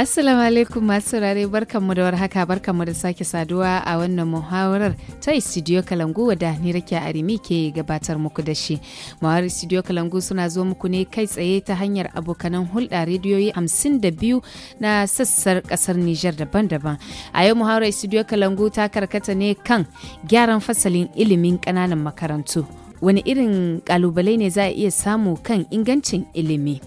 Assalamu alaikum masu saurare barkanmu da warhaka barkanmu da sake saduwa a wannan muhawarar ta Studio Kalangu wadda ni rake Arimi ke gabatar muku da shi. Muhawarar Studio Kalangu suna zo muku ne kai tsaye ta hanyar abokanan hulɗa rediyoyi biyu na sassar ƙasar Nijar daban-daban. A yau muhawarar Studio Kalangu ta karkata ne kan gyaran fasalin ilimin ƙananan makarantu. Wani irin kalubale ne za a iya samu kan ingancin ilimi?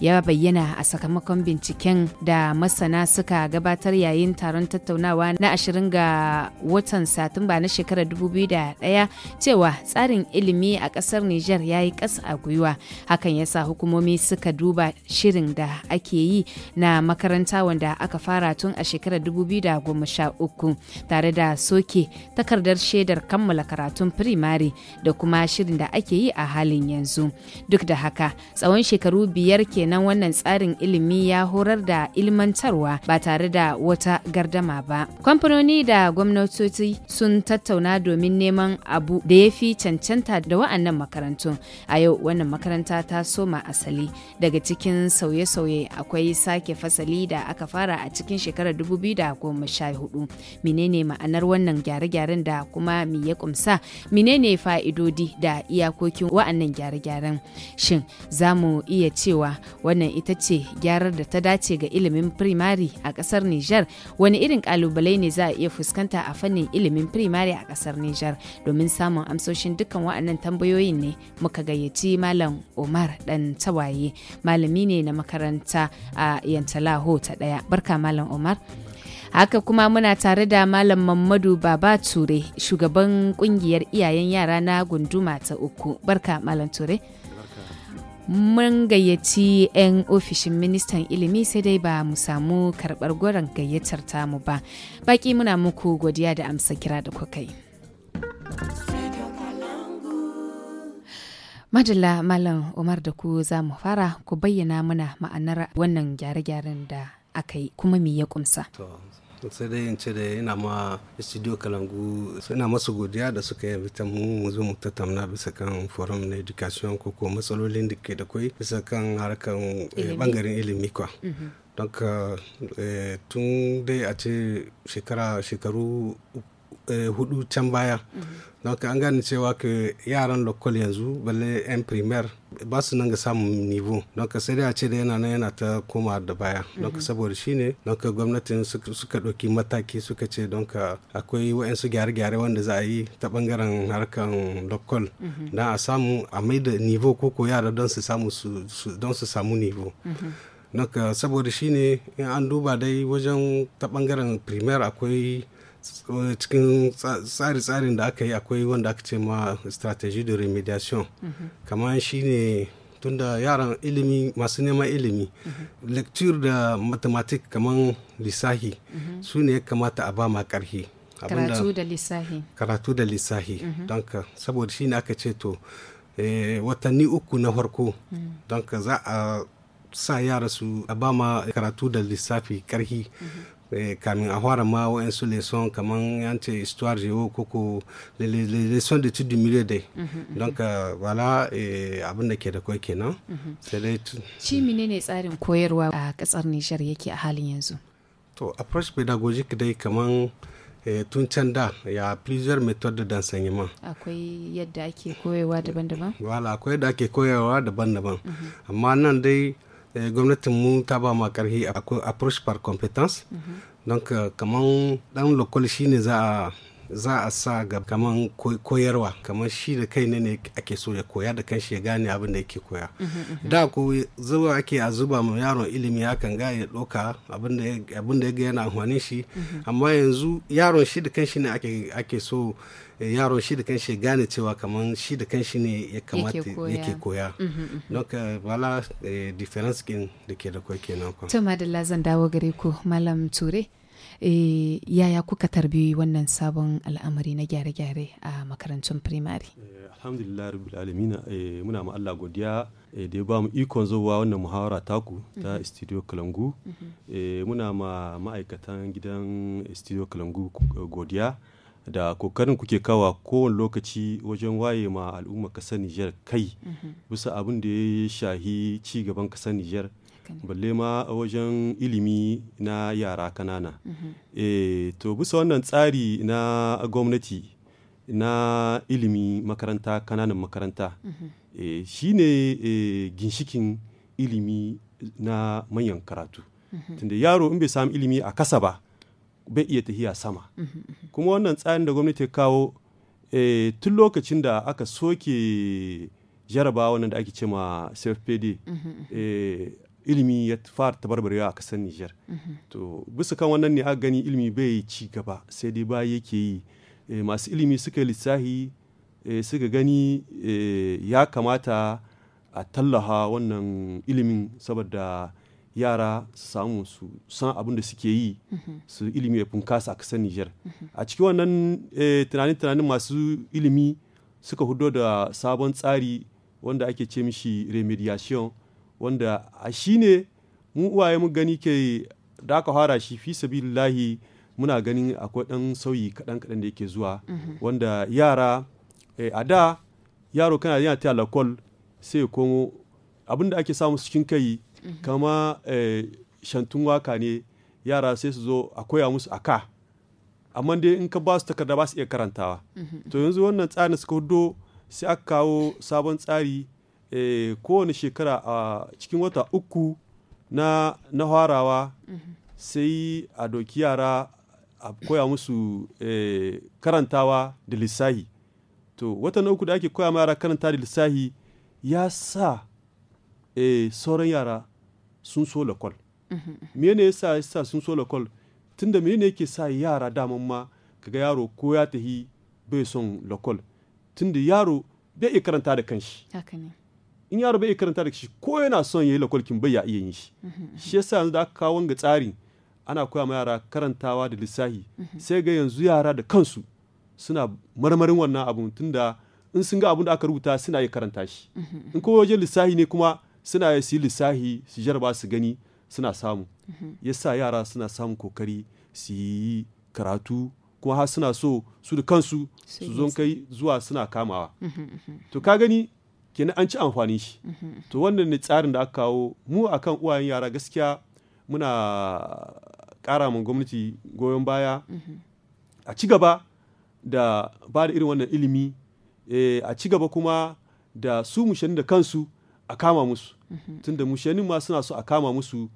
ya bayyana a sakamakon binciken da masana suka gabatar yayin taron tattaunawa na 20 ga watan Satumba na shekarar 2001 cewa tsarin ilimi a ƙasar Nijar ya yi ƙasa a gwiwa. Hakan ya sa hukumomi suka duba shirin da ake yi na makaranta wanda aka fara tun a shekarar 2013 tare da soke takardar shaidar kammala karatun firimare da kuma shirin da ake yi a halin yanzu. Duk da haka, tsawon shekaru biyar kenan wannan tsarin ilimi ya horar da ilmantarwa ba tare da wata gardama ba. Kamfanoni da gwamnatoci sun tattauna domin neman abu da ya fi cancanta da wa'annan makarantun. A yau wannan makaranta ta soma asali daga cikin sauye-sauye akwai sake fasali da aka fara a cikin shekarar 2014. Menene ma'anar wannan gyare-gyaren da kuma me ya kumsa? Menene fa'idodi da iyakokin wa'annan gyare-gyaren? Shin za mu iya cewa cewa wannan ita ce gyarar da ta dace ga ilimin firimari a ƙasar Nijar wani irin ƙalubale ne za a iya fuskanta a fannin ilimin firimari a ƙasar Nijar domin samun amsoshin dukkan waɗannan tambayoyin ne muka gayyaci Malam Umar ɗan tawaye malami ne na makaranta a Yantalaho ta ɗaya. Barka Malam Umar. haka kuma muna tare da malam mamadu baba ture shugaban kungiyar iyayen yara na gunduma ta uku barka malam ture mun gayyaci 'yan ofishin ministan ilimi sai dai ba mu samu karɓar goron gayyatar tamu ba baki muna muku godiya da amsa kira da kuka yi madalla malam umar da ku za mu fara ku bayyana muna ma'anar wannan gyare-gyaren da aka yi kuma me ya kumsa. sai dai in ce da ina ma studio kalangu suna masu godiya da suka yi ta mu zo mu tattauna bisa kan forum na education ko ko matsalolin da ke da kwai bisa kan harkar eh, bangaren ilimi kwa mhm. don ka eh, tun dai a ce shekara shekaru eh, hudu can baya mhm. don ka an gane cewa ka yaran lokal yanzu balle yan primaire ba su nan ga samun nivo don ka sai a ce da yana nan yana ta koma da baya don ka mhm. saboda shi ne don ka gwamnatin suka ɗauki mataki suka ce don ka akwai wa'yansu gyare-gyare wanda za a yi ta ɓangaren harkan lokal mhm. don a samu a mai da nivo ko ko yara don su samu don nivo mhm. don ka saboda shi ne in an duba dai wajen ta ɓangaren primaire akwai cikin tsari-tsarin da aka yi akwai wanda aka ce ma strategy de remediation mhm. kamar ne tunda yaran ilimi masu neman ilimi mhm. lecture da mathematic kamar lissahi mhm. su ne ya kamata a ba ma karhi karatu da lissahi don ka saboda shine aka ce to eh, watanni uku na farko don ka za a sa yara su a ba ma karatu da lissafi karhi Eh, kamin a fara ma wa'yansu leson kamar yance histoire geo koko leson de tudu miliyo dai mhm, mhm. don ka wala eh, abin da ke da kwai kenan mhm. sai dai shi menene tsarin koyarwa a kasar nishar yake a halin yanzu to approach pedagogic dai kamar eh, tun can da ya plusieurs méthodes d'enseignement akwai yadda ake koyarwa daban-daban wala akwai yadda ake koyarwa daban-daban amma nan dai Eh, gwamnatin mu ta ba ma karhi akwai approach par competence don euh, kaman dan lokal shine za a za a sa ga kaman koyarwa kaman shi da kai ne ake so ya koya da kanshi ya gane abin da yake koya da ko zuba ake a zuba ma yaron ilimi hakan ga ya doka abin da ya ga yana amfani shi amma yanzu yaron shi da kanshi ne ake so Eh, yaro shi da kanshi gane cewa kamar shi da kanshi ne ya kamata yake koya mm-hmm, mm-hmm. don ka wala eh, difference kin da ke da kwaike kenan kwa tuma da zan dawo gare ku malam ture eh, yaya kuka tarbi wannan sabon al'amari na gyare-gyare a makarantun primary alhamdulillah rabbil alamin muna ma Allah godiya da ya ba mu ikon zuwa wannan muhawara taku ta mm-hmm. studio kalangu muna ma ma'aikatan gidan studio kalangu godiya da kokarin kuke kawa kowane lokaci wajen waye ma al'umma kasar Nijar kai mhm. bisa abin da ya shahi ci gaban kasar Nijar balle ma wajen ilimi na yara kanana mhm. e, eh, to bisa wannan tsari na gwamnati na ilimi makaranta kananan makaranta e, shine eh, ginshikin ilimi na manyan karatu tunda yaro in bai samu ilimi a kasa ba bai iya tahiya sama kuma wannan tsarin da gwamnati kawo eh, tun lokacin da aka soke jaraba wannan da ake ce ma cfpd eh, ilimi ya fara tabarbarewa a kasar niger to bisa kan wannan ne aka gani ilimi bai ci gaba sai dai ba yake yi eh, masu ilimi suka lissahi suka gani ya kamata a tallaha wannan ilimin saboda yara su samu su san abin da suke yi su ilimi ya bunkasa a kasar Nijar. A cikin wannan eh, tunanin-tunanin masu ilimi suka hudo da sabon tsari wanda ake ce mishi remediation wanda a shi ne mu uwaye mu gani ke da aka fara shi fi sabilillahi muna ganin akwai ɗan sauyi kaɗan-kaɗan da yake zuwa wanda yara eh, a da yaro kana yana ta lakol sai ya komo abin da ake samu cikin kai Mhm. kama eh, shantun waka ne yara sai su zo a koya musu aka amma dai in ka ba su takarda ba su iya karantawa mhm. to yanzu wannan tsarin suka hudo sai aka kawo sabon tsari eh, kowane shekara a cikin wata uku na na mhm. sai a doki yara a koya musu eh, karantawa da lissahi to wata na uku da ake koya ma yara karanta da lissahi ya sa eh sauran yara sun so lakol me mhm, mhm. ne sa sa sun so lakol tunda me ne yake sa yara daman ma kaga yaro ko ya tafi bai son lakol tunda yaro bai iya karanta da kanshi in yaro bai iya karanta da kanshi ko yana son yi yayi kin bai ya iya yin shi mhm, shi yasa yanzu da aka kawo wanga tsari ana koya ma yara karantawa da lissahi sai ga yanzu yara da kansu suna marmarin wannan abun tunda in sun ga abun da aka rubuta suna iya karanta shi in kowa wajen lissahi ne kuma suna su yi lissahi su jarba su gani suna samu mhm. yasa yara suna samun kokari su yi karatu kuma har suna so su da kansu su zo kai zuwa suna kamawa mhm, mhm. to ka gani kenan an ci amfani shi to wannan ne tsarin da aka kawo mu akan uwayen yara gaskiya muna ƙara mun gwamnati goyon baya a ci gaba da ba da irin wannan ilimi eh, a ci gaba kuma da su mushanin da kansu a kama musu Mhm. tunda mushenin ma suna so a kama musu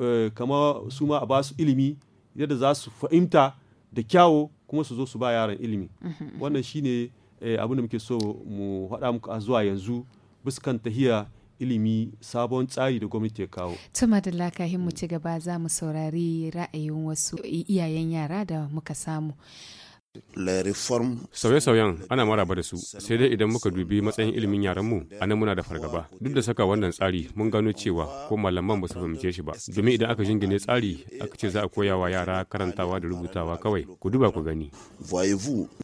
eh, kama su ma a ba su ilimi yadda za su fahimta da kyawo kuma su zo su ba yaran ilimi mhm, mhm. wannan shine eh, abin da muke so mu haɗa muku a zuwa yanzu buskan tahiya ilimi sabon tsari da gwamnati ya kawo. Tuma da lakahin mu ci gaba za mu saurari ra'ayin wasu iyayen yara da muka samu. Sauye-sauyen ana maraba da su, sai dai idan muka dubi matsayin ilimin mu a nan muna da fargaba. Duk da saka wannan tsari mun gano cewa ko malaman ba su fahimce shi ba. Domin idan aka jingine tsari aka ce za a koya wa yara karantawa da rubutawa kawai, ku duba ku gani.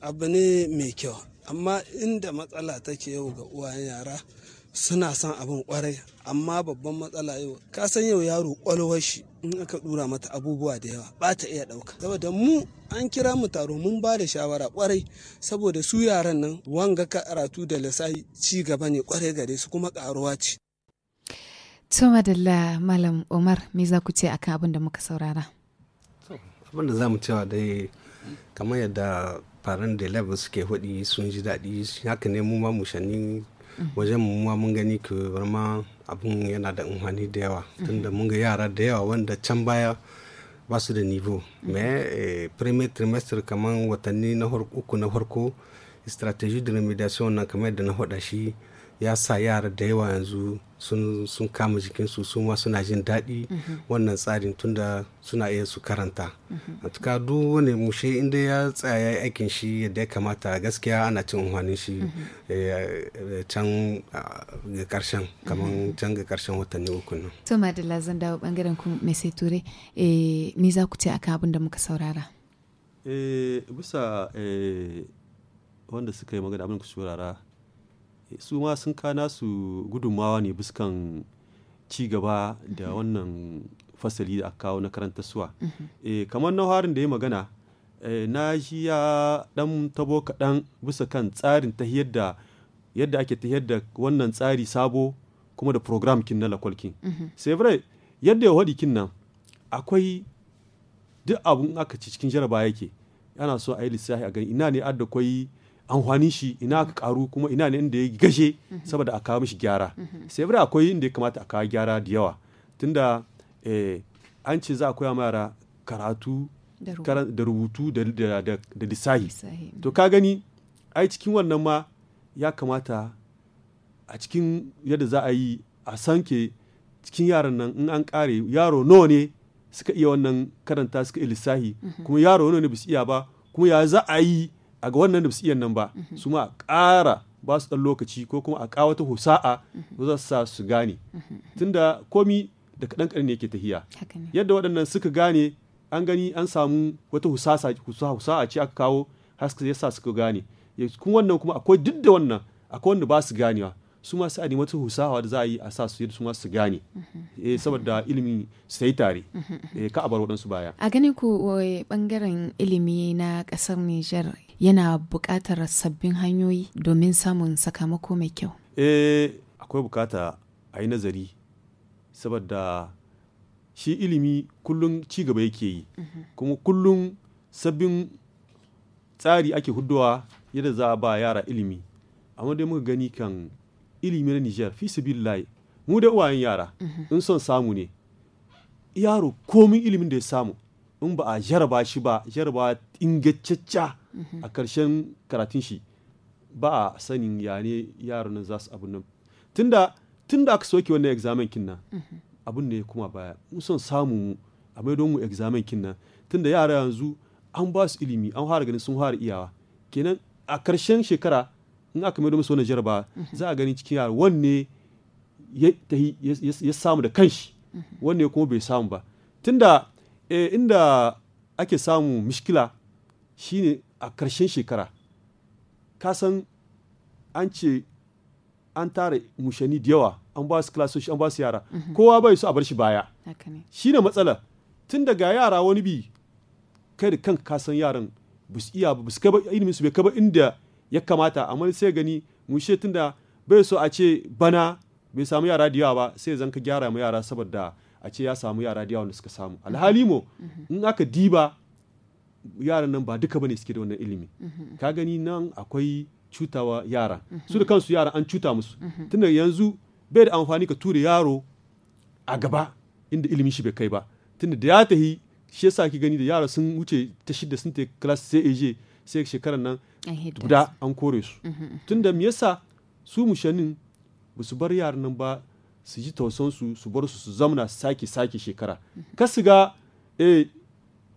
Abu ne mai kyau, amma inda matsala take yau ga uwayen yara suna son abin kwarai amma babban matsala yau ka san yau yaro kwalwar shi in aka dura mata abubuwa da yawa ba ta iya ɗauka saboda mu an kira mu taro mun ba da shawara kwarai saboda su yaran nan wanga karatu da lissafi ci gaba ne kwarai gare su kuma karuwa ce to madalla malam umar me za ku ce akan abin da muka saurara abin da za mu cewa dai kamar yadda faran da level suke hudi sun ji daɗi haka ne mu ma mu mm. wajen mu ma mun gani ke ma abun yana da amfani da yawa tunda mun ga yara da yawa wanda can baya ba su da nivo me eh, premier trimester kamar watanni na uku na farko strategy de remediation na kamar da na hada shi ya sa yara da yawa yanzu sun kama jikinsu su ma suna jin daɗi mm-hmm. wannan tsarin tunda suna iya su karanta mm-hmm. a duk wani mushe inda ya tsaya aikin shi yadda ya kamata gaskiya ana cin umarnin shi mm-hmm. eh, eh, ah, can ga karshen kamar can ga karshen watanni uku nan to madalla zan dawo bangaren ku mai ture eh, me za ku ce a abin da muka saurara bisa wanda suka yi magana abin ku saurara su ma sun kana su gudunmawa ne buskan ci gaba da mm-hmm. wannan fasali da aka kawo na karanta suwa mm-hmm. eh, kamar na harin da ya magana eh, na shi ya dan tabo kaɗan bisa kan tsarin ta yadda yadda ake ta yadda wannan tsari sabo kuma da program kin na lakwalkin mm-hmm. sai vrai yadda ya hadi kin nan akwai duk abun aka ci cikin jaraba yake ana so a yi lissafi a gani ina ne adda kwai hwani shi ina aka karu kuma ina ne inda ya gashe saboda a kawo mishi gyara sai bada akwai inda ya kamata a kawo gyara da yawa tunda eh, an ce za a koya ma yara karatu da rubutu da lissahi to ka gani ai cikin wannan ma ya kamata a cikin yadda za a yi a sanke cikin yaran nan in an kare yaro nawa ne suka iya wannan karanta suka iya lissahi mhm. kuma yaro nawa ne su iya ba kuma ya za a yi a ga wannan nufsiyan nan ba mhm. su ma a ƙara ba su ɗan lokaci ko kuma a ƙawata husa'a ba mhm. za su sa su gane mhm. tunda komi da kaɗan kaɗan ne yake tahiya yadda waɗannan suka gane an gani an samu wata husa'a ce aka kawo haska ya sa suka gane kun wannan kuma akwai duk da wannan akwai wanda ba su ganewa su ma sai a nemi husawa da za a yi a sa su su ma su gane eh saboda ilimi sai tare eh ka bar waɗansu baya a gani ku bangaren ilimi na ƙasar Nijar yana buƙatar sabbin hanyoyi domin samun sakamako mai kyau eh akwai bukata a yi nazari saboda shi ilimi kullum ci gaba yake yi mhm. kuma kullum sabbin tsari ake hudowa yadda za a ba yara ilimi amma dai muka gani kan ilimi na Nijar fi su mu da uwayen yara mhm. in son samu ne yaro komin ilimin da ya samu in ba a jaraba shi ba jaraba ingantacca a karshen karatun shi ba a sanin ya ne yaran nan za su abun nan tunda tunda aka soke wannan examen kin nan abun ne kuma baya mun son samu a maido mu examen kin nan tunda yara yanzu an ba su ilimi an fara ganin sun fara iyawa kenan a karshen shekara in aka maido musu wannan jaraba za a gani cikin yara wanne ya samu da kanshi wanne kuma bai samu ba tunda eh, inda ake samu mishkila shine a ƙarshen shekara kasan an ce an tara mushani da yawa an ba su klasoshi an ba su yara mhm. kowa bai su a bar shi baya shi ne matsala tun daga yara wani bi kai da kan kasan yaran ba su iya ba su kaba ilimin su bai kaba inda ya kamata amma sai gani mushe tun da bai so a ce bana bai samu yara da yawa ba sai zan ka gyara ma yara saboda a ce ya samu yara da yawa da suka samu mhm. alhali mo mhm. in aka diba yaran nan ba duka bane suke da wannan ilimi mhm. ka gani nan akwai cutawa yara mhm. su da kansu yara an cuta musu mhm. tunda yanzu bai da amfani ka tura yaro a gaba inda ilimin shi bai kai ba tunda da ya tahi shi yasa ki gani da yara sun wuce ta shida sun ta class sai eje sai shekaran nan guda an kore su tunda me yasa su mushanin ba su bar yaran nan ba su ji tausansu su bar su su zamna sake sake shekara ka siga ga eh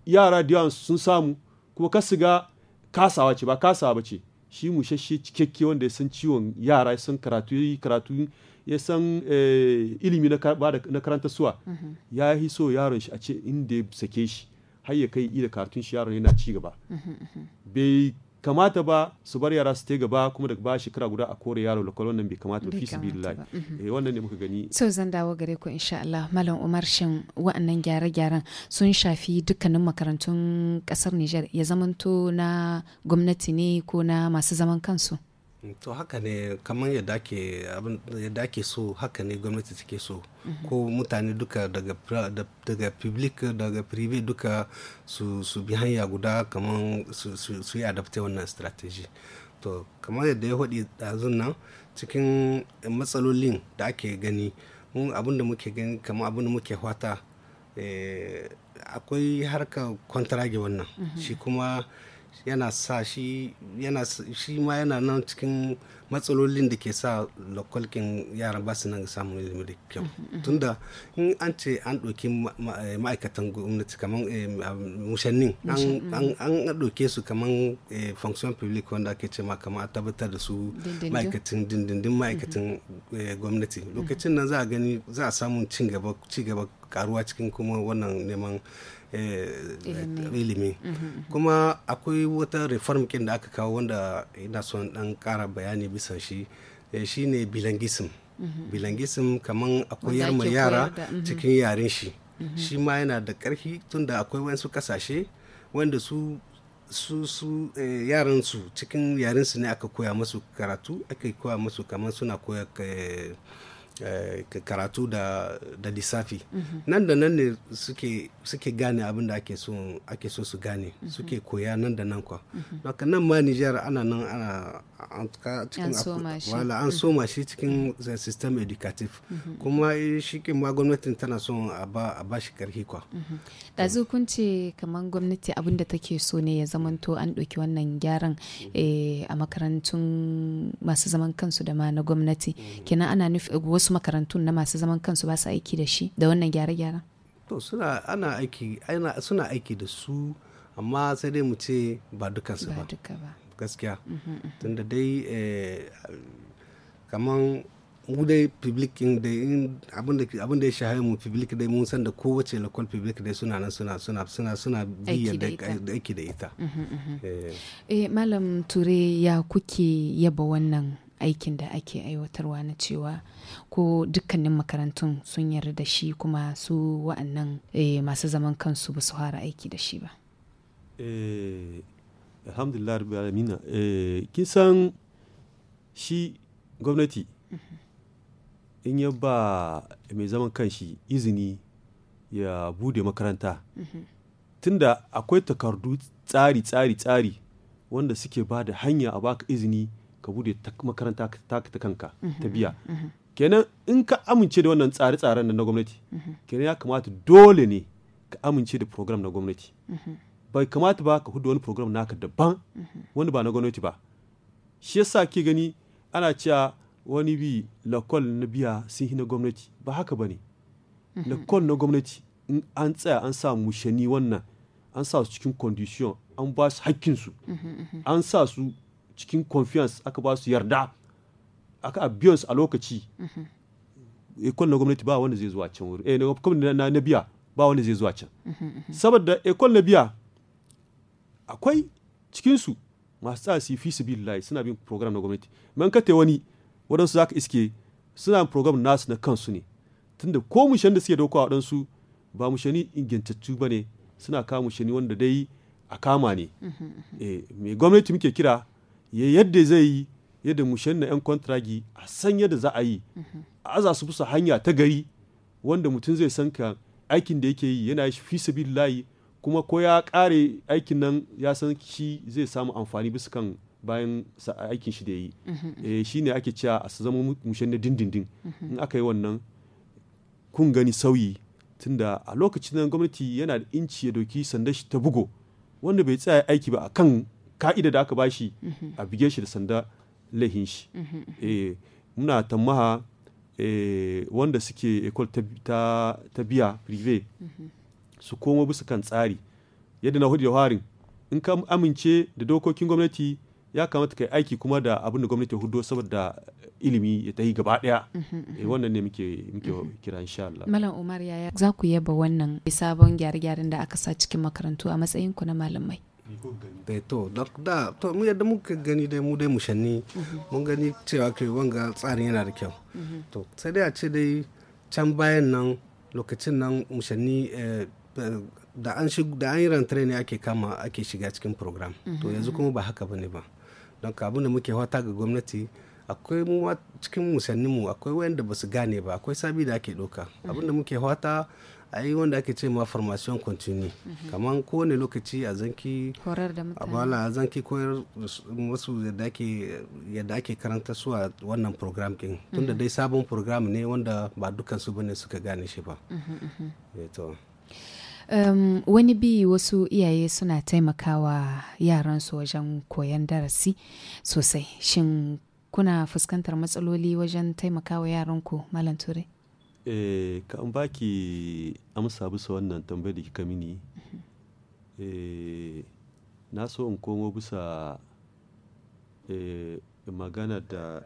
yara da yawan sun samu kuma ka siga kasawa ce ba kasawa ba ce shi mushashe cikakke wanda ya san ciwon yara ya san karatu ya karatu ya san eh, ilimi na karanta suwa mm-hmm. ya yi so yaron shi a ce inda ya sake shi har ya kai ida karatun shi yaron yana ci gaba mm-hmm, mm-hmm. bai kamata ba su bar yara su ta gaba kuma daga ba shekara guda a kore yaro lokal wannan bai kamata ba fi su mhm. eh wannan ne muka gani so zan dawo gare ku insha Allah malam Umar shin wa'annan gyare-gyaren sun shafi dukkanin makarantun kasar nijar ya zamanto na gwamnati ne ko na masu zaman kansu to haka ne kamar yadda ake so haka ne gwamnati take so mhm. ko mutane duka daga public daga private duka su bi hanya guda kamar su yi adapte wannan strategy to kamar yadda ya haɗi ɗazun nan cikin matsalolin da ake gani mun abin da muke gani kamar abin da muke hwata eh, akwai harkar kwantarage wannan mhm. shi kuma yana sa shi yana shi ma yana nan cikin matsalolin da ke sa lokolkin yara ba su nan samun ilimi da kyau mhm, mhm. tunda in an ce an ɗauki eh, ma'aikatan gwamnati kamar eh, mushannin mhm. an ɗauke su kamar eh, function public wanda ake ce ma kamar a tabbatar da su ma'aikatan dindindin ma'aikatan gwamnati lokacin nan za a gani za a samun ci gaba karuwa cikin kuma wannan neman Eh, ilimi mhm, mhm. kuma akwai wata reform kin da aka kawo wanda ina son dan kara bayani bisa shi eh, ne bilangism mhm. bilangism kaman akwai koyar ma yara cikin yaren shi shi ma yana da karfi tunda akwai wasu kasashe wanda su su su eh, yaran su cikin yaren su ne aka koya musu karatu aka koya musu kamar suna koya Eh, karatu da, da lissafi mhm. nan da nan ne suke, gane abin da ake so, ake so su gane mhm. suke koya nan da nan kwa maka mhm. nan ma nijar ana nan ana cikin wala an soma shi cikin eh, system educative kuma eh, shi ma gwamnatin tana so a ba shi karhi kwa ɗazu kun ce kamar gwamnati abin da take so ne ya to an ɗauki wannan gyaran a makarantun masu zaman kansu da ma na gwamnati kina ana nufi wasu makarantun na masu zaman kansu ba su aiki da shi da wannan gyare-gyaren to suna ana aiki ana suna aiki da su amma sai dai mu ce ba dukansu ba gaskiya mm-hmm, mm-hmm. tunda dai eh, kaman mu dai public da abin da ya shahara mu public dai mun san da kowace local public dai suna nan suna suna suna suna biya da aiki da ita mm-hmm, eh. eh malam ture ya kuke yaba wannan aikin da ake aiwatarwa na cewa ko dukkanin makarantun sun yarda da shi kuma su wa'annan eh, masu zaman kansu ba su fara aiki da shi ba eh, alhamdulillah rabbi alamina eh, kisan shi gwamnati mhm. in ya ba mai zaman kanshi izini ya bude makaranta mhm. tunda akwai takardu tsari tsari tsari wanda suke ba da hanya a baka izini ka bude makaranta ta kanka ta mhm, biya kenan in ka amince da wannan tsare-tsaren na gwamnati kenan ya kamata dole ne ka amince da program na gwamnati bai kamata ba ka hudu wani program naka daban wani ba na gwamnati ba shi yasa ke gani ana cewa wani bi lakol na biya sun na gwamnati ba haka ba ne lakol na gwamnati in an tsaya an sa mushani wannan an sa su cikin condition an ba su haƙƙinsu an sa su cikin confiance aka ba su yarda aka biyan su a lokaci ekol eh, na gwamnati ba wanda zai zuwa can wuri eh na na biya ba wanda zai zuwa can saboda ekol na biya akwai cikin su masu tsasi fi su billahi suna bin program na gwamnati man ka te wani su zaka iske suna program nasu na kansu ne tunda ko mushen da suke dauka wadansu ba mushani ingantattu ba ne suna kama mushani wanda dai a kama ne mm-hmm. eh, me gwamnati muke kira yadda zai yi yadda mushen na 'yan kontragi a san yadda za a yi a azasu su bisa hanya ta gari wanda mutum zai san ka aikin da yake yi yana fi layi kuma ko ya kare aikin nan ya san shi zai samu amfani bisa kan bayan aikin shi da ya yi eh, shi ne ake cewa a su zama mushen na dindindin in aka yi wannan kun gani sauyi tunda a lokacin nan gwamnati yana da inci ya doki sanda shi ta bugo wanda bai tsaya aiki ba akan ka'ida da aka bashi a bige shi da sanda laihin shi mm-hmm. eh, muna tamaha eh, wanda suke ekol ta biya privé mm-hmm. su komo bisa kan tsari yadda na hudu harin in ka amince da dokokin gwamnati ya kamata ka yi aiki kuma da abin da gwamnati hudo saboda ilimi ya yi gaba daya mm-hmm, eh, wannan ne muke kira insha Allah Malam Umar yaya za ku yaba wannan sabon gyare-gyaren da aka sa cikin makarantu a matsayin ku na malamai eh to da to mu yadda muka gani dai mu dai mu mun gani cewa kai wanga tsarin yana da kyau to sai dai a ce dai can bayan nan lokacin nan mu eh, da an da an yi rantare ne ake kama ake shiga cikin program to yanzu kuma ba haka bane ba don ka da muke wata ga gwamnati akwai mu cikin musanninmu akwai wayanda ba su gane ba akwai sabi da ake doka abinda muke wata ai wanda ake ce ma formation continue mhm. kamar kowane lokaci a zanki a bala a zanki koyar wasu yadda ake karanta su a wannan program kin mhm. tunda dai sabon program ne wanda ba dukkan su bane suka gane shi ba mhm, eh, Um, wani bi wasu iyaye suna taimakawa yaransu wajen koyan darasi sosai shin kuna fuskantar matsaloli wajen taimakawa yaranku malam ture eh an baki amsa bisa wannan tambayar da kika mini eh, na so in komo bisa eh, magana da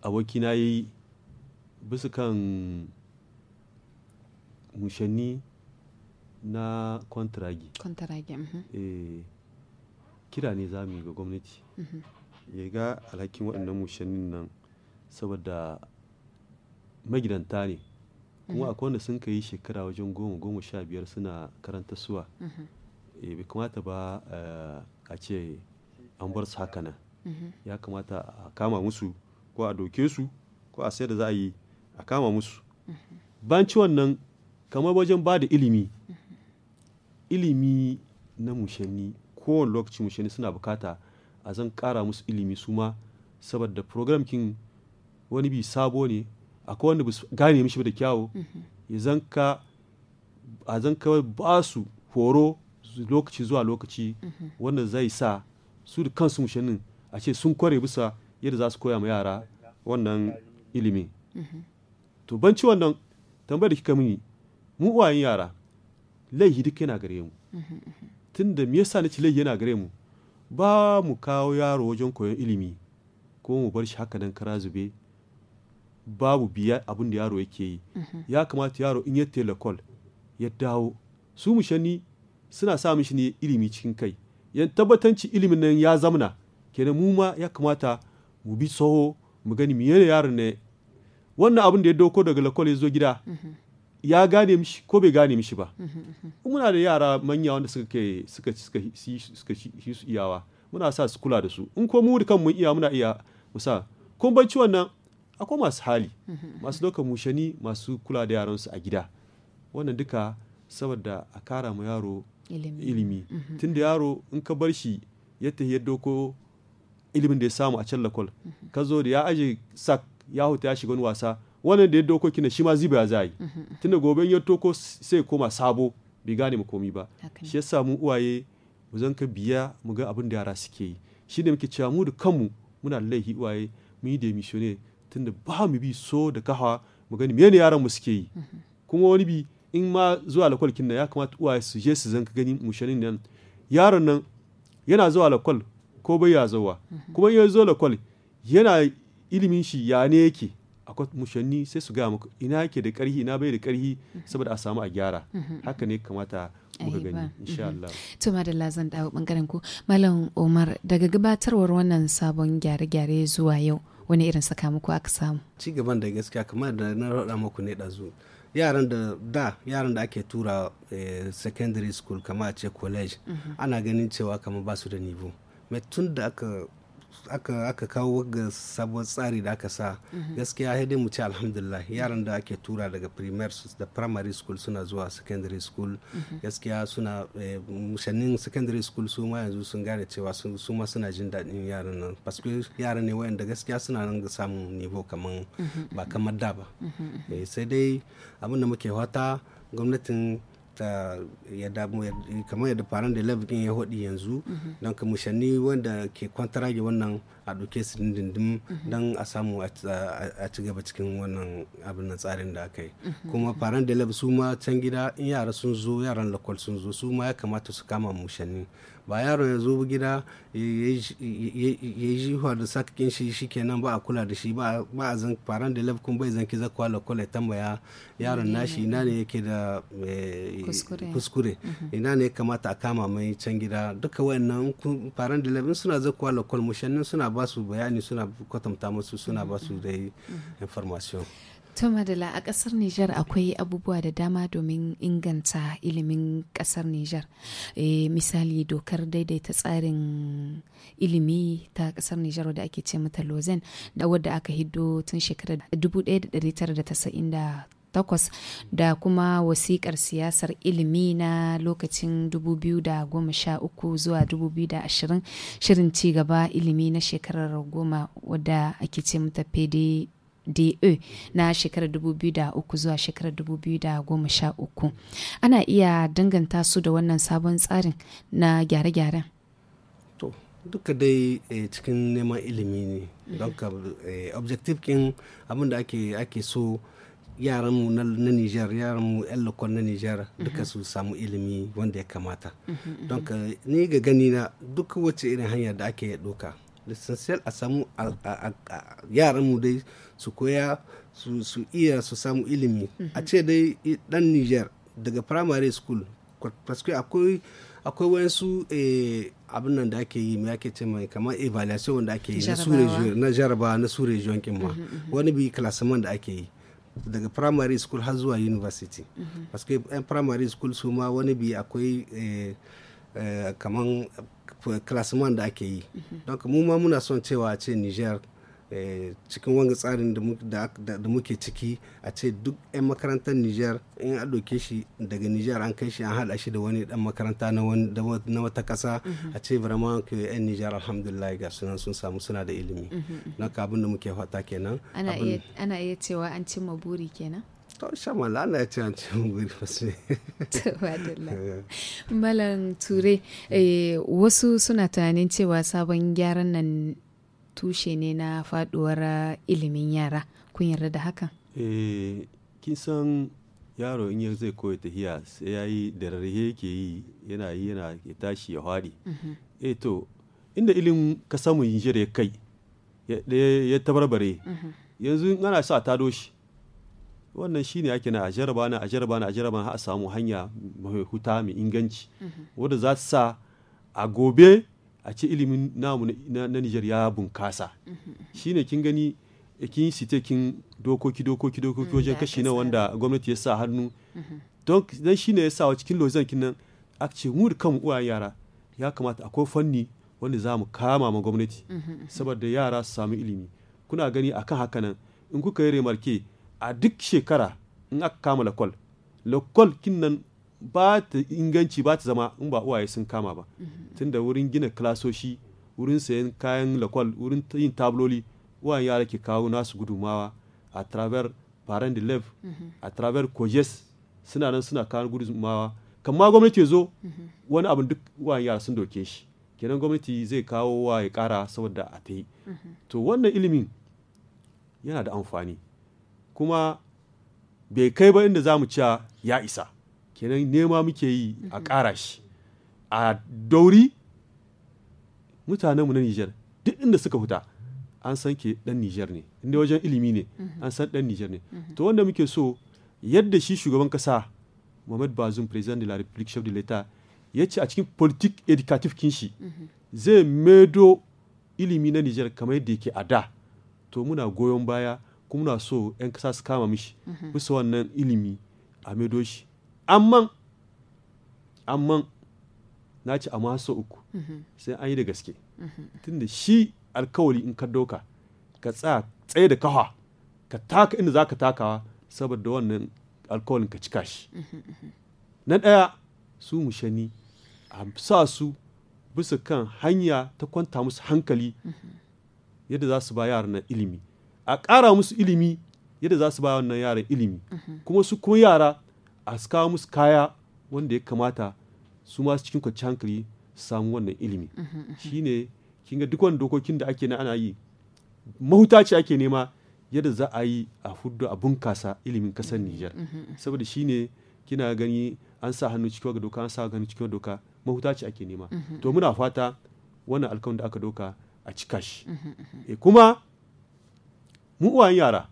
abokina yi bisa kan mushanni na kwantaragi kwantaragi mhm. eh kira ne za mu yi ga gwamnati mhm. ya ga alhakin waɗannan mushannin nan saboda magidanta ne kuma mhm. akwai wanda sun kai shekara wajen goma goma sha biyar suna karanta suwa e bai kamata ba eh, a ce an bar su haka nan mhm. ya kamata a kama musu ko a doke su ko a sai da za a yi a kama musu ban banci wannan kamar wajen ba da ilimi ilimi na mushanni kowane lokaci mushanni suna bukata a zan kara musu ilimi su ma saboda program kin wani bi sabo ne akwai wanda gane mishi da kyawu mm-hmm. ya zanka a zanka ba su horo lokaci zuwa lokaci mm-hmm. wanda zai sa su da kansu mushanin a ce sun kware bisa yadda za su koya ma yara wannan ilimi mm-hmm. to banci wannan tambayar da kika mini mu uwayen yara laihi duk yana gare mu tunda me yasa nace laihi yana gare mu ba mu kawo yaro wajen koyon ilimi ko mu bar shi haka nan kara zube babu biya abin da yaro yake yi mhm. ya kamata yaro in ya telecall ya dawo su mushani suna sa mishi ne ilimi cikin kai yan tabbatanci ilimin nan ya zamana kenan mu ma ya kamata mu bi soho mu gani yana yaron ne wannan abin da ya doko daga lakol ya zo gida mhm. ya gane mishi ko bai gane mishi ba mhm, muna da yara manya wanda suka ke suka suka shi su iyawa muna sa su kula da su in ko mu da kanmu iya muna iya mu kun bacci wannan akwai masu hali masu doka mushani masu kula da yaransu a gida wannan duka saboda a kara ma yaro ilimi mhm. tunda yaro in ka bar shi ya tahiyar doko ilimin da ya samu a can lakol mhm. ka zo da ya aje sak ya huta ya shiga wani wasa wannan da ya doko kina shi ma ziba za yi mhm, tunda gobe ya toko sai koma sabo bai gane mu komi ba shi ya mu uwaye mu zan ka biya mu ga abin da yara suke yi shi da muke cewa mu da kanmu muna da laihi uwaye mu yi da tunda ba mu bi so da kafa mu gani mene yaran mu suke yi kuma wani bi in ma zuwa lakwal kinna ya kamata uwaye su je su zanka gani mushanin nan yaron nan yana zuwa lakwal ko bai ya zuwa kuma ya zo lakwal yana ilimin shi ya ne yake akwai mushanni sai su gaya muku ina yake da karhi ina bai da karhi saboda a samu a gyara haka ne kamata muka gani insha mhm. Allah to madalla zan dawo bangaren ku malam Umar daga gabatarwar wannan sabon gyare-gyare zuwa yau wani irin saka muku aka samu ci gaban da gaskiya kamar da na raɗa muku ne ɗazu yaran da da yaran da ake tura eh, secondary school kamar a ce college mhm. ana ganin cewa kamar ba su da nivo mai tun da aka aka kawo ga sabon tsari da aka sa mhm. gaskiya sai dai mu ce alhamdulillah yaran da ake tura daga primary da primary school suna zuwa secondary school mhm. gaskiya suna eh, mushannin secondary school su ma yanzu sun gane cewa su ma suna jin daɗin yaran nan paske yaran ne wayanda gaskiya suna nan ga samun nivo kaman mhm. ba kamar da ba eh, sai dai abin da muke wata gwamnatin ta yadda kamar yadda faran da labikin ya haɗi yanzu mm-hmm. don kamishani wanda ke kwantarage wannan a ɗauke su dindindim mhm. don a samu a ci gaba cikin wannan abin tsarin da aka yi mhm. kuma faran da lab su ma can gida in yara sun zo yaran lakwal sun zo su ma ya kamata su kama mushanni ba yaro ya zo gida ya yi jihuwa da sakakin shi kenan ba a kula da shi ba a zan faran da lab kun bai zan ki zakwa lakwal ya tambaya yaron nashi ina ne yake da eh, kuskure mhm. ina ne kamata a kama mai can gida duka wayannan faran da lab suna zakwa lakwal mushannin suna ba su bayani suna kwatanta musu suna mm-hmm. ba su dai mm-hmm. information to madala a kasar Nijar akwai abubuwa da dama domin inganta ilimin kasar Nijar e, misali dokar daidaita tsarin ilimi ta kasar niger wadda ake ce mata lozen da wadda aka hiddo tun shekarar 2018 da kuma wasikar siyasar ilimi na lokacin 2013 zuwa 2020 shirin cigaba ilimi na shekarar goma wadda ake ce mata pd DA e na shekarar 2003 zuwa shekarar 2013. Ana iya danganta su da wannan sabon tsarin na gyare-gyaren. To, duka dai eh, cikin neman ilimi ne. Don ka eh, objective kin abin da ake so yaranmu na Nijar yaranmu 'yan lakon na Nijar duka su samu ilimi wanda ya kamata. Don ni ga gani na duk wacce irin hanya da ake doka. L'essentiel a samu yaranmu dai su koya su iya su samu ilimi. A ce dai dan Nijar daga primary school paske akwai akwai wayansu eh, abin nan da ake yi mai ake ce mai kamar evaluation wanda ake yi na jaraba na su region kin ma wani bi classement da ake yi daga primary school har zuwa university mhm. parce que yan primary school su ma wani bi akwai eh, eh, kaman classman da ake yi mhm. don mu ma muna son cewa a ce niger Eh, cikin wani tsarin da muke ciki a ce duk 'yan makarantar Nijar in a ɗauke shi daga Nijar an kai shi an haɗa shi da wani ɗan makaranta na wata ƙasa mhm. a ce vraiment ke 'yan Nijar alhamdulillah ga sunan sun samu suna da ilimi. Mhm, mhm. Na abin da muke fata kenan. Ana iya cewa an cimma buri kenan? to shama lana ya ce an ce guri fasu malam ture eh, wasu suna tunanin cewa sabon gyaran nan tushe ne na faduwar eh, ilimin yara kun yarda da hakan E kin san yaro in zai koya tahiya sai ya yi da rarrahe yake yi yana yi yana ya tashi ya hwari mm-hmm. eh to inda ilimin ka samu yin ya kai ya tabarbare mm-hmm. yanzu ana sa ta doshi wannan shi ne ake na a jaraba na a jaraba na a jaraba a samu hanya mai huta mai inganci mm-hmm. wadda za ta sa a gobe a ce ilimin namu na, Nijar ya bunkasa ne kin gani kin site kin dokoki dokoki dokoki mm, wajen kashi na wanda gwamnati ya sa hannu mm-hmm. don shi ne ya sa wa cikin lozan kin nan a ce mu da kanmu uwayen yara ya kamata akwai fanni wanda za mu kama ma gwamnati mm-hmm. saboda yara su samu ilimi kuna gani akan haka nan in kuka yi remarke a duk shekara in aka kama lakwal lakwal kin nan ba ta inganci ba ta zama in ba uwaye sun kama ba tunda wurin gina klasoshi wurin sayan kayan lakwal wurin yin tabloli uwayen yara ke kawo nasu gudumawa a travers parent de lev a travers kojes suna nan suna kawo gudumawa kamma gwamnati zo wani abin duk uwayen yara sun doke shi kenan gwamnati zai kawo wa ya kara saboda a ta yi to wannan ilimin yana da amfani kuma bai kai ba inda za mu ya isa kenan nema muke yi a mhm. ƙara shi a dauri mutanenmu na Nijar duk inda suka fita an san ke dan Nijar ne inda wajen ilimi ne mhm. an san dan Nijar ne mhm. to wanda muke so yadda shi shugaban kasa Muhammad Bazoum president de la République chef de l'État ya ce a cikin politique educative kinshi. shi zai medo ilimi na Nijar kamar yadda yake a da to muna goyon baya kuma muna so 'yan kasa su kama mishi bisa wannan ilimi a medo shi amman amman na ci a so uku mhm. sai an yi da gaske mhm. tunda shi alkawali in ka doka ka tsaye da kawa ka taka inda za ka takawa saboda wannan alkawalin ka cika shi mhm, na ɗaya su shani a sa su bisa kan hanya ta kwanta musu hankali yadda za su ba yaran nan ilimi a ƙara musu ilimi yadda za su ba wannan yaran ilimi kuma su kuma yara a kawo musu kaya wanda ya kamata su masu cikin kwanci hankali samu wannan ilimi mhm, mhm, mhm. shi ne ga duk wani dokokin da ake na ana yi mahuta ce ake nema yadda za a yi a hudu a bunkasa ilimin kasar Nijar saboda shi ne kina gani an sa hannu cikin doka an sa gani cikin doka mahuta ce ake nema to muna fata wannan alkawarin da aka doka a cika shi e kuma mu uwayen yara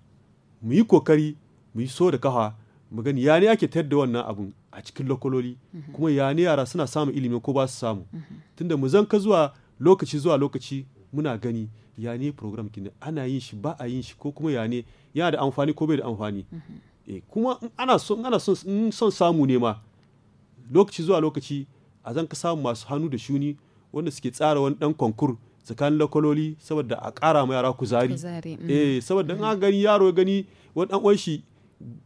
mu yi kokari mu yi so da kafa mu gani ya ne ake tayar da wannan abun a cikin lokololi mhm. kuma ya ne yara suna samun ilimi ko ba su samu mhm. tunda mu zanka zuwa lokaci zuwa lokaci muna gani ya ne program kin ana yin shi ba a yin shi ko kuma ya ne yana da amfani ko bai da amfani mhm. eh, kuma ana son ana son samu ne ma lokaci zuwa lokaci a zanka samu masu hannu da shuni wanda suke tsara wani dan konkur tsakanin lokololi saboda a kara ma yara kuzari mm. eh saboda an mm. gani yaro gani wani dan uwan shi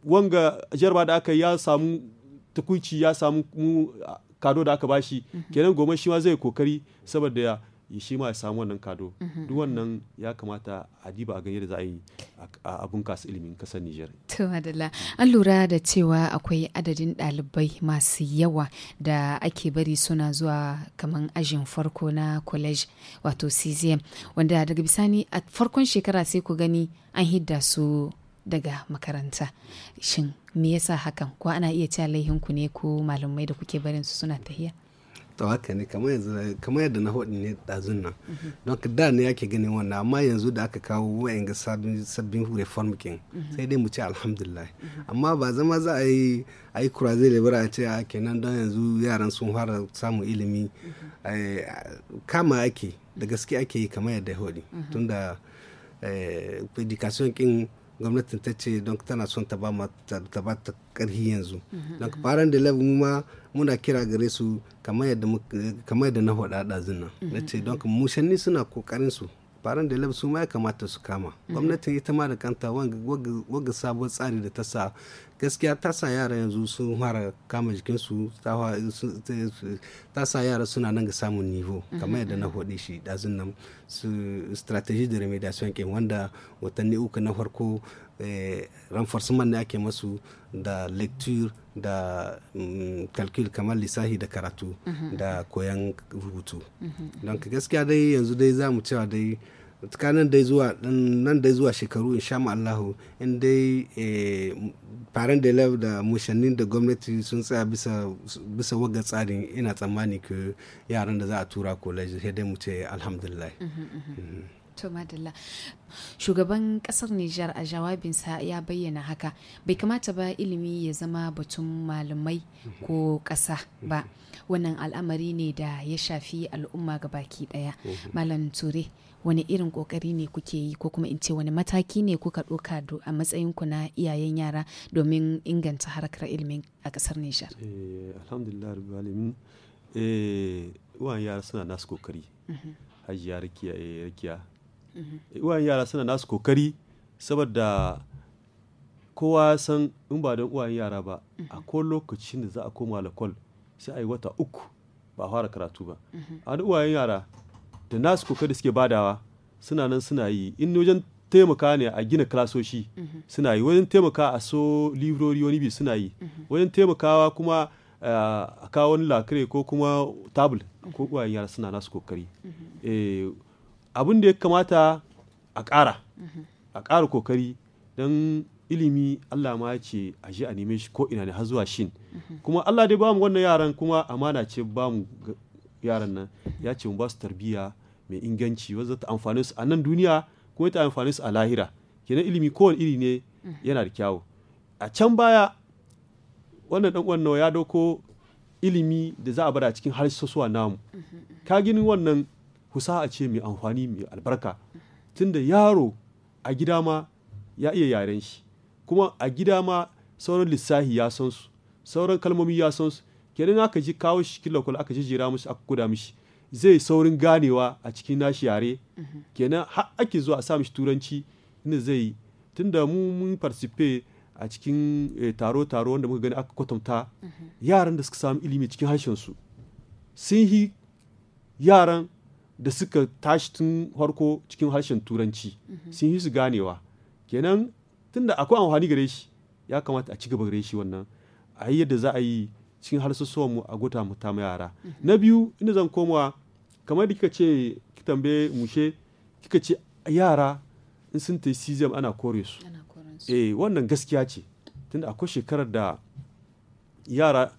wanga jarba da aka ya samu tukuici ya samu kado da aka bashi mhm. kenan goma shi ma zai kokari saboda ya shi ma ya samu wannan kado mhm. Mhm. duk wannan ya kamata a diba a ganye da za a yi a bunkasa ilimin kasar Nijar. To madalla an lura da cewa akwai adadin ɗalibai masu yawa da ake bari suna zuwa kaman ajin farko na college wato CZM wanda daga bisani a farkon shekara sai ku gani an hidda su daga makaranta shin me yasa hakan ko ana iya cewa ku ne ko malamai da kuke barin su suna tahiya to haka ne kamar yadda na hudu ne dazun nan don ka da ne yake ganin wannan amma yanzu da aka kawo wa'in ga sabbin reform kin sai dai mu ce alhamdulillah amma ba zama za a yi a yi kura zai bara a ce a kenan don yanzu yaran sun fara samun ilimi eh, kama ake da gaske ake yi kamar yadda hudu tunda eh, education kin. gwamnatin ta ce don tana son ta ba ta ba ta karhi yanzu mhm. don faran da labu ma muna kira gare su kamar yadda na faɗa ɗazin nan na mhm. ce don mushanni suna kokarin su faran da lab su ma ya kamata su kama mhm. gwamnatin ita ma da kanta wanga sabuwar tsari da ta sa gaskiya ta sa yara yanzu sun fara kama jikinsu ta sa yara suna nan ga samun nivo mhm. kamar yadda na hode shi ɗazun nan su strategy da remediation ke wanda watanni uku na farko eh, renforcement ne ake masu da lecture da kalkil mm, kamar lissahi da karatu mhm. da koyan rubutu mhm. don gaskiya dai yanzu dai za mu cewa dai tsakanin dai zuwa nan dai zuwa shekaru in sha Allahu in dai faran eh, da da mushannin da gwamnati sun tsaya bisa waga tsarin ina tsammani ke yaran da za a tura college sai dai mu ce alhamdulillah mhm, mm. to madalla shugaban kasar nijar a jawabinsa ya bayyana haka bai kamata ba ilimi ya zama batun malamai ko kasa ba wannan al'amari ne da ya shafi al'umma ga baki daya malam ture wani irin kokari ne kuke yi ko kuma in ce wani mataki ne kuka doka a matsayin ku na iyayen yara domin inganta harkar ilimin a kasar nijar eh, alhamdulillah eh, yara suna nasu kokari mhm. hajji ya rikiya eh, uwayen yara suna nasu kokari saboda kowa san in ba don uwayen yara ba a ko lokacin da za a koma lakol sai a yi wata uku ba a fara karatu ba a da uwayen yara da nasu kokari suke badawa suna nan suna yi in wajen taimaka ne a gina klasoshi suna yi wajen taimaka a so librori wani bi suna yi wajen taimakawa kuma eh, a kawo wani lakire ko kuma tabul ko uwayen yara suna nasu kokari eh, abin da ya kamata a ƙara a ƙara kokari don ilimi Allah ma ce a je a neme shi ko ina ne har zuwa shin kuma Allah dai bamu wannan yaran kuma amana ce bamu yaran nan ya ce mu ba su tarbiyya mai inganci wanda ta amfani su a nan duniya kuma ta amfani su a lahira kenan ilimi kowane iri ne yana da kyawu a can baya wannan dan uwan ya dauko ilimi da za a bada cikin harsasuwa namu ka gini wannan husa'a ce mai amfani mai albarka tunda yaro a gida ma ya iya yaren shi kuma a gida ma sauran lissahi ya san su sauran kalmomi ya san su kenan aka ji kawo shi kilakul aka ji jira mushi aka guda mishi zai saurin ganewa a cikin nashi yare mhm. kenan har ake zuwa a sa mishi turanci inda zai yi tunda mu mun participate a cikin taro-taro eh, wanda muka gani aka kwatanta mhm. yaran da suka samu ilimi cikin harshen su sun yi yaran da suka tashi tun harko cikin harshen turanci mhm. sun yi su ganewa kenan tunda akwai amfani gare shi ya kamata a ci gaba gare shi wannan a yi yadda za a yi cikin harsassuwan mu a gota mu ta yara mhm. na biyu inda zan komawa kamar da kika ce ki tambaye mushe kika ce yara in sun ta cesium ana kore su eh wannan gaskiya ce tunda akwai shekarar da yara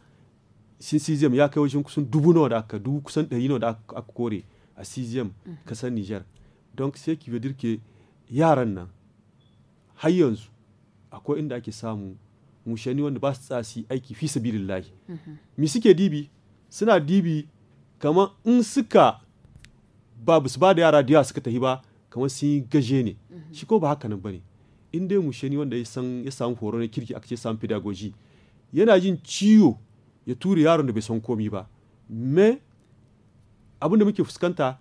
sun cesium ya kai wajen kusan dubu nawa da aka dubu kusan ɗari nawa da aka kore a 6e mhm. kasar niger don sai ki veut dire que yaran nan har yanzu akwai inda ake samu mushani wanda ba su tsasi aiki fi sabilillahi mi mhm. suke dibi suna dibi kamar in suka ba su ba da yara da suka tafi ba kamar sun yi gaje ne mhm. shi ko ba haka nan bane in dai mushani wanda ya san ya samu horo na kirki aka ce samu pedagogy yana jin ciwo ya ture yaron da bai san komi ba me abin da muke fuskanta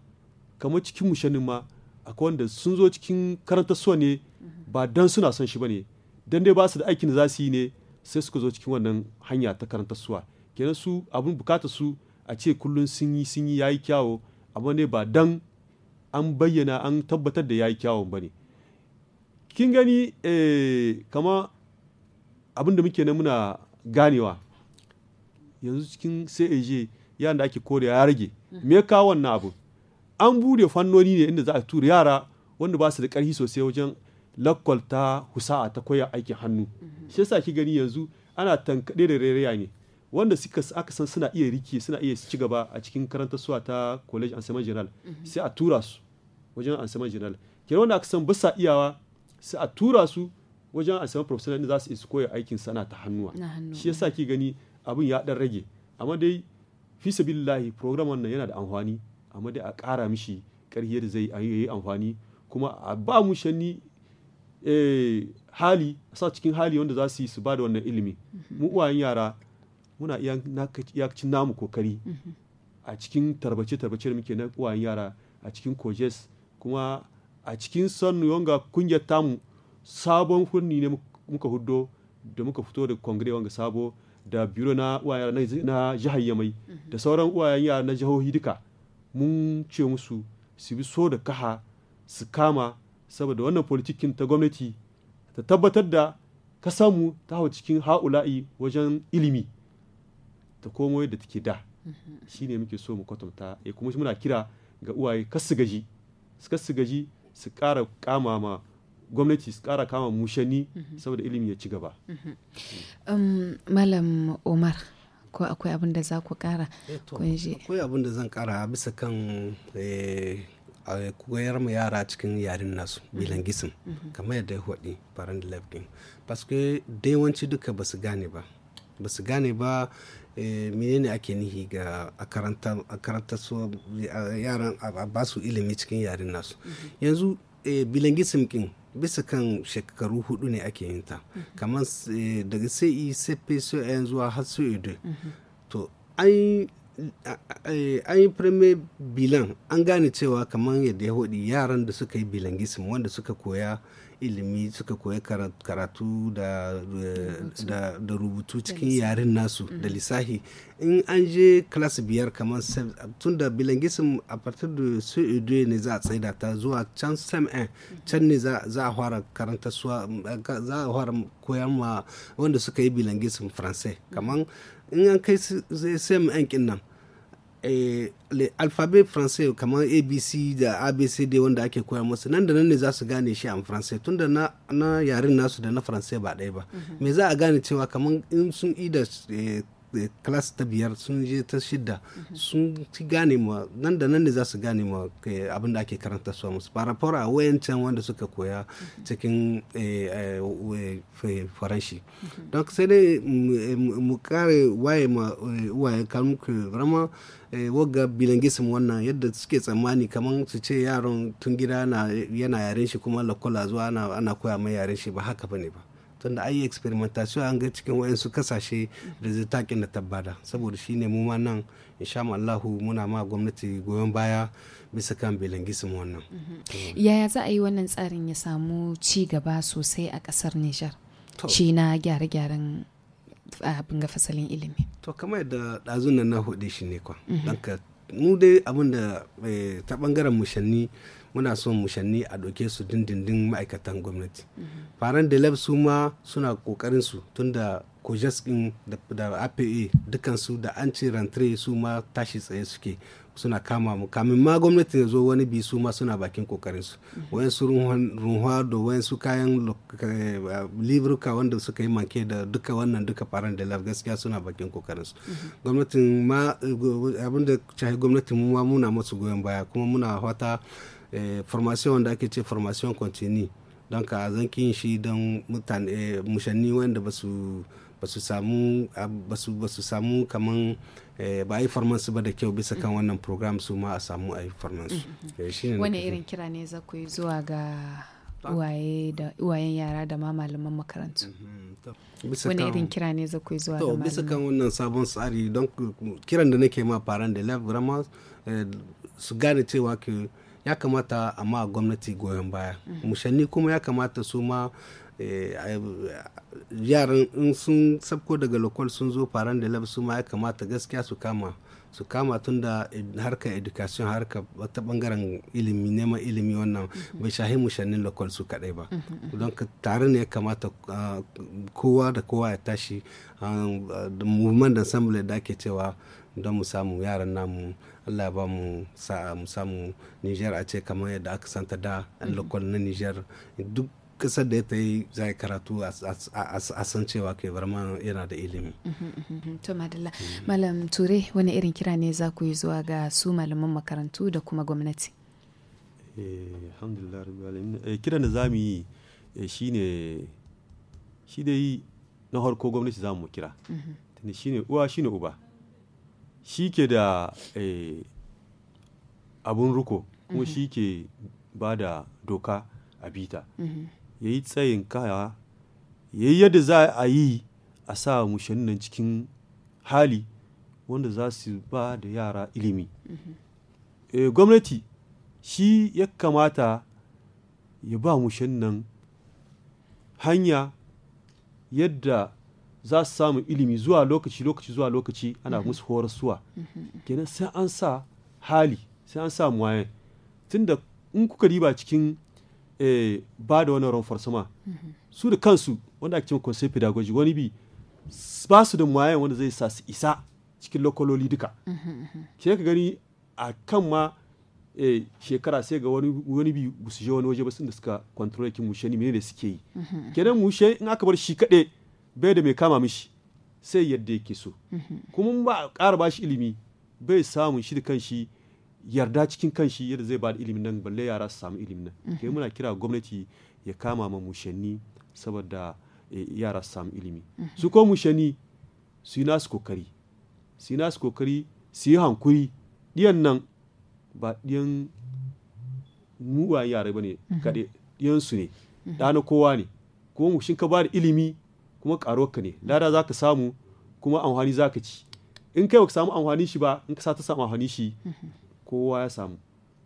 kamar cikin mushanin ma akwai wanda sun zo cikin karanta suwa ne ba dan suna son shi ba ne dan dai ba su da aikin da za su yi ne sai suka zo cikin wannan hanya ta karanta suwa kenan su abin bukata su a ce kullum sun yi sun yi yayi kyawo amma ne ba dan an bayyana an tabbatar da yayi kyawo ba ne kin gani eh, kama abin da muke na muna ganewa yanzu cikin sai yaran da ake kore ya rage me kawo wannan abu an bude fannoni ne inda za a tura yara wanda ba su da karfi sosai wajen lakwalta ta husa'a ta koya aikin hannu shi yasa ki gani yanzu ana tankade da rairaya ne wanda suka aka san suna iya riki suna iya ci gaba a cikin karantar suwa ta college enseignement general sai a tura su wajen enseignement general kenan wanda aka san ba sa iyawa sai a tura su wajen enseignement professional za su koya aikin sana ta hannuwa shi yasa ki gani abin ya dan rage amma dai fi billahi program wannan yana da amfani amma dai a ƙara mishi ƙarfi da zai yi amfani kuma a ba mu shani eh, hali a sa cikin hali wanda za su yi su ba da wannan ilimi mu uwayen yara muna iya cin namu kokari a cikin tarbace tarbace da muke na uwayen yara a cikin kojes kuma a cikin son yonga kungiyar tamu sabon hurni ne muka hudo da muka fito da kongire wanga sabo da biro na na jihar yamai da sauran uwayen yara na jihohi duka mun ce musu su bi so da kaha su kama saboda wannan politikin ta gwamnati ta tabbatar da ka samu ta hau cikin ha'ula'i wajen ilimi ta komo da take da shi ne muke so mu kwatanta ya eh, kuma muna kira ga uwaye kasu gaji su kasu gaji su kara kama ma gwamnati su kara kama mushani mhm. saboda ilimi ya ci gaba mhm. um, malam omar ko akwai abin da za ku kara eh, akwai abin da zan kara bisa kan eh, koyar ma yara cikin yarin nasu mhm. gisin kamar yadda ya hudu faran da lafgin paske da yawanci duka ba su gane ba ba su gane ba eh, menene ake nihi ga a karanta su yaran a ba ilimi cikin yarin nasu yanzu bilangisim kin bisa kan shekaru hudu ne ake yin ta kamar eh, daga sai sai so yan zuwa har su idu to eh, an yi premier bilan an gane cewa kamar yadda ya hudu yaran da suka yi bilangisim wanda suka koya ilimi suka koya karatu da rubutu cikin yaren nasu da mm. lissahi in an je klas biyar kamar tun da bilangisim a partir da su ne za a tsaida ta zuwa can sem mm-hmm. can ne za a fara karanta suwa za a fara koyan ma wanda suka yi bilangisim faransai mm. kamar in an kai sem kin nan eh, alfabe faransai kamar abc da abcd wanda ake koya musu nan da nan ne za su gane shi a faransai tunda na, na yaren nasu da na faransai ba ɗaya ba mhm. me za a gane cewa kamar in sun ida da klas eh, eh, ta biyar sun je ta shida mhm. sun ci gane ma nan da nan ne za su gane ma eh, abin da ake karanta su musu farafar a wayancan wanda suka koya mhm. cikin faranshi don sai dai mu kare waye ma uwaye rama Eh, wagga bilangisim wannan yadda suke tsammani kamar su ce yaron tun gida yana yaren shi kuma lakola zuwa ana koya mai yaren shi ba haka bane ba tunda ayi experimentation an ga cikin wayansu kasashe da zai da tabbada saboda shine mu ma nan insha Allahu muna ma gwamnati goyon baya bisa kan bilangisim wannan mm-hmm. yaya za a yi wannan tsarin ya samu ci gaba sosai a kasar Nijar shi na gyare-gyaren abin ga fasalin ilimi to kama yadda ɗazun nan na hude shi ne kwa mhm. mu dai abin da eh, ta bangaren mushanni muna son mushanni a ɗauke su dindindin ma'aikatan gwamnati mhm. faran da lab su ma suna ƙoƙarin su tunda kojas da apa dukansu da an ce rantre su ma tashi tsaye suke suna kama mu kamin ma gwamnati ya zo wani bi su ma suna bakin kokarin su wayan su runhuwa da wayan su kayan eh, libruka wanda suka yi manke da duka wannan duka faran da laf gaskiya suna bakin kokarin su gwamnatin ma eh, abinda cahi gwamnatin mu ma muna masu goyon baya kuma muna wata eh, formation wanda ake ce formation continue don ka zan kin shi don mutane mushanni wanda ba su samu kaman Eh, ba a yi farmansu ba da kyau bisa kan wannan program su ma a samu a yi farmansu mm-hmm. eh, wani irin kira ne za ku yi zuwa ga uwayen yara da ma malaman makarantu mm-hmm. wani irin kira ne za ku yi zuwa ga malaman bisa kan wannan sabon tsari don kiran da nake ma faran da lab rama su gane cewa ke ya kamata amma gwamnati goyon baya mm-hmm. mushanni kuma ya kamata su ma Eh, yaran in sun sabko daga lokal sun zo faran da lab su ma ya kamata gaskiya su kama su kama tun da harkar education harkar wata bangaren ilimi neman ilimi wannan mhm. bai shahi mushannin lokal su kadai ba mhm, mhm, don tare ne ya kamata ah, kowa da kowa ya tashi ah, movement assembly da ake cewa don mu samu yaran namu Allah ya ba mu samu Niger a ce kamar yadda aka santa da lokal na Niger duk kasar da ta yi zai karatu a san cewa ke barman yana da ilimi. Mhm, mhm, mhm. To madalla, Malam Ture wani irin kira ne za ku yi zuwa ga su malaman makarantu da kuma gwamnati? Eh, alhamdulillah, eh, kiran da za mu yi eh, shi ne shi dai na harko gwamnati za mu kira. Shi ne uwa shi ne uba. Shi ke da abun ruko kuma shi ke ba da doka a bita ya yi tsayin kaya ya yi yadda za a yi a sa mushen nan cikin hali wanda za su ba da yara ilimi e, gwamnati shi ya kamata ya ba mushen nan hanya yadda za su samu ilimi zuwa lokaci lokaci zuwa lokaci ana mhm. musu horaswa mhm. kenan sai an sa hali sai an sa muwayen tunda in kuka riba cikin Eh, ba da wani renforcement su da kansu wanda ake cewa conseil pedagogy wani bi ba su da mayan wanda zai sa su isa cikin lokaloli duka sai ka gani a kan ma eh, shekara sai ga wani bi su je wani waje ba sun da suka control kin mushe ne menene suke yi kenan mushe in aka bar shi kaɗai bai da mai kama mishi sai yadda yake so kuma ba a ƙara ba shi ilimi bai samun shi da kanshi. yarda cikin kanshi yadda zai ba da ilimin nan balle yara su samu ilimin nan mhm. ke muna kira gwamnati ya kama ma mushanni saboda eh, yara su samu ilimi mhm. su ko mushanni su yi nasu kokari su yi nasu kokari su yi hankuri diyan nan ba diyan muwa yara ba ne mhm. kaɗai diyan su ne ɗana kowa ne kuma mushin ka ba da ilimi kuma ka ne lada za ka samu kuma amfani za ka ci in kai ba ka samu amfani shi ba in ka sa ta samu amfani shi kowa ya samu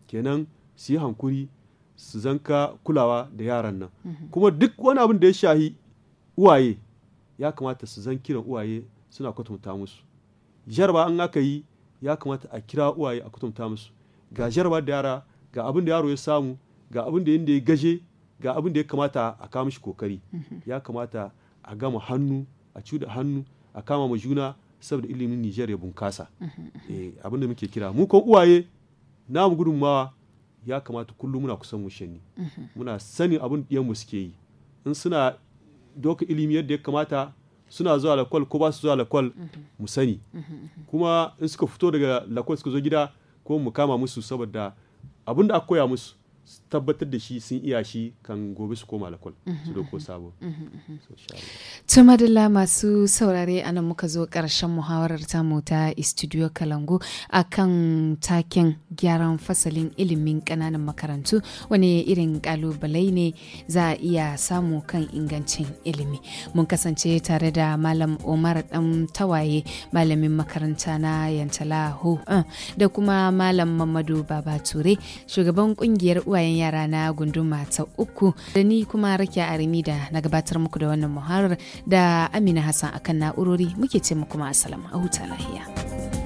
kenan su yi hankuri su zanka kulawa da yaran nan mhm. kuma duk wani abin da ya shahi uwaye ya kamata su zan kiran uwaye suna kwatanta musu jarba an aka yi ya kamata a kira uwaye a kwatanta musu ga jarba da yara ga abin da yaro ya samu ga abin da da ya gaje ga abin da ya kamata a kama shi kokari mhm. ya kamata a gama hannu a cuda hannu a kama ma juna saboda ilimin Nijar ya bunkasa eh, abin da muke kira mu ko uwaye namu gudunmawa ya kamata kullum muna kusan mu muna sani abin da mu suke yi in suna doka ilimi yadda ya kamata suna zuwa lakwal ko ba su zuwa lakwal mu sani kuma in suka fito daga lakwal suka zo gida ko mu kama musu saboda abin da aka koya musu tabbatar da shi sun iya shi kan gobe su koma lakwal su mhm, doko mhm. sabo. Tuma mhm, madalla masu saurare a muka zo ƙarshen muhawarar tamu ta Studio Kalangu a kan taken gyaran fasalin ilimin ƙananan makarantu wani irin ƙalubalai ne za a iya samu kan ingancin ilimi. Mun kasance tare da Malam Omar ɗan tawaye malamin makaranta na Yantala Ho eh, da kuma Malam Mamadu Babature shugaban ƙungiyar uwayen yara na gunduma ta uku da ni kuma rakiya arimi da na gabatar muku da wannan muharar da amina hassan akan na'urori muke ce muku ma a huta lahiya.